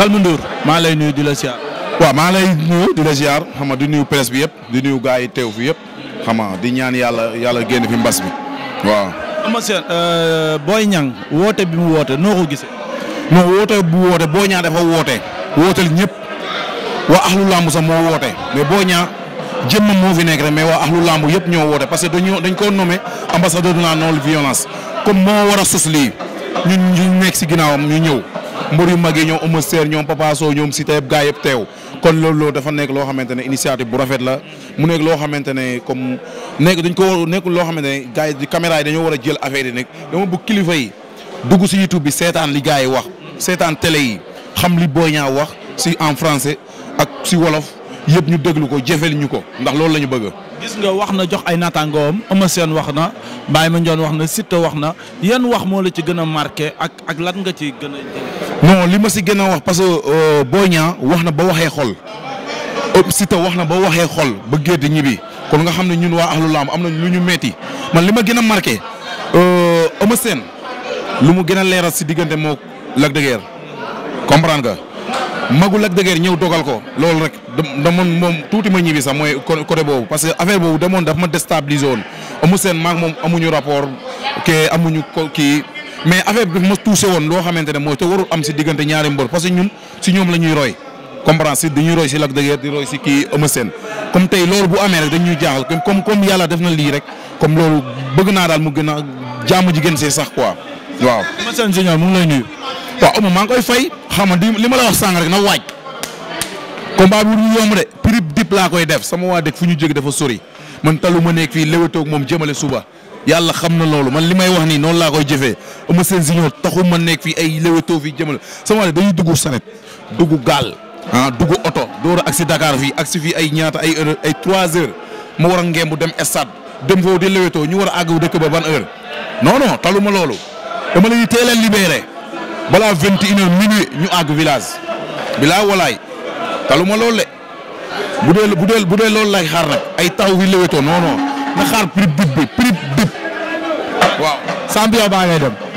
Calme maa lay nuyu di la siyaar. waaw maa lay nuyu di la siyaar xam nga di nuyu presse bi yëpp di nuyu gars yi teew fi yëpp xam di ñaan yàlla yàlla génn fi mbas bi waaw. Eumeu Sène euh, Boy Niang woote bi mu woote noo ko gisee. non woote bu woote Boy Niang dafa woote wooteel ñëpp waa axlu lamb sax moo woote mais Boy Niang jëmm moo fi nekk rek mais waa axlu lamb yëpp ñoo woote parce que dañoo dañ koo nommé ambassadeur de la non violence comme moo war a sos ñu nekk si ginnaawam ñu ñëw. mbër yu mag yi ñoom Eumeu Sène ñoom Papa ñoom si yëpp gaa yëpp teew kon loolu loolu dafa nekk loo xamante ne initiative bu rafet la mu nekk loo xamante ne comme nekk dañ ko nekkul loo xamante ne gars yi caméra yi dañoo war a jël affaire yi nekk dama bëgg kilifa yi dugg si YouTube bi seetaan li gars yi wax seetaan télé yi xam li Boy Niang wax si en français ak si wolof yëpp ñu déglu ko jëfel ñu ko ndax loolu la ñu bëgg. gis nga wax na jox ay naataangoom Eumeu seen wax na Baye Mandione wax na sita wax na yan wax moo la ci gën a marqué ak ak lan nga ci gën a. non li ma si gën a wax parce que euh, Boy Niang wax na ba waxee xol Siteu wax na ba waxee xol ba gédd ñibbi kon nga xam ne ñun waa ahlu lamb am nañ lu ñu metti man li ma gën a marqué euh, Eumeu Sène lu mu gën a leeral si diggante moo Lac de Guiers comprendre magu ak dëgër ñëw dogal ko loolu rek damoon moom tuuti ma ñibbi sax mooy côté boobu parce que affaire boobu demoon daf ma déstabiliser woon amu seen maag moom ñu rapport ke amuñu ko kii mais affaire bi daf ma touché woon loo xamante ne mooy te warul am si diggante ñaari mbër parce que ñun ñoom la ñuy roy comprendre si dañuy roy si Lac de Guiers di roy si kii Eumeu Sène comme tey loolu bu amee rek dañuy jaaxal comme comme yàlla def na lii rek comme loolu bëgg naa daal mu gën a jaamu ji gën see sax quoi waaw. Eumeu Sène Junior mu waaw amul maa koy fay xam nga li ma la wax sàng rek na waaj combat bi ñu yomb de prix dip laa koy def sama waa dëkk fu ñu jóg dafa sori man talu ma nekk fii léwétoog moom jëmale suba yàlla xam na loolu man li may wax nii noonu laa koy jëfee ama seen signor taxu ma nekk fii ay léwétoo fii jëmale sama waa dëkk dañuy dugg saret dugg gaal ah dugg oto door aksi agsi Dakar fii agsi fii ay ñaata ay heure ay trois heures ma war a ngemb dem estade dem foofu di léwétoo ñu war a àgg dëkk ba ban heure non non talu ma loolu balaa vingt une heures ñu àgg village bilaa walaay taluma loolu le bu dee bu dee bu dee loolu lay xaar ay taw wi léwétoo non non na xaar prix bib bi prix bib baa ngay dem.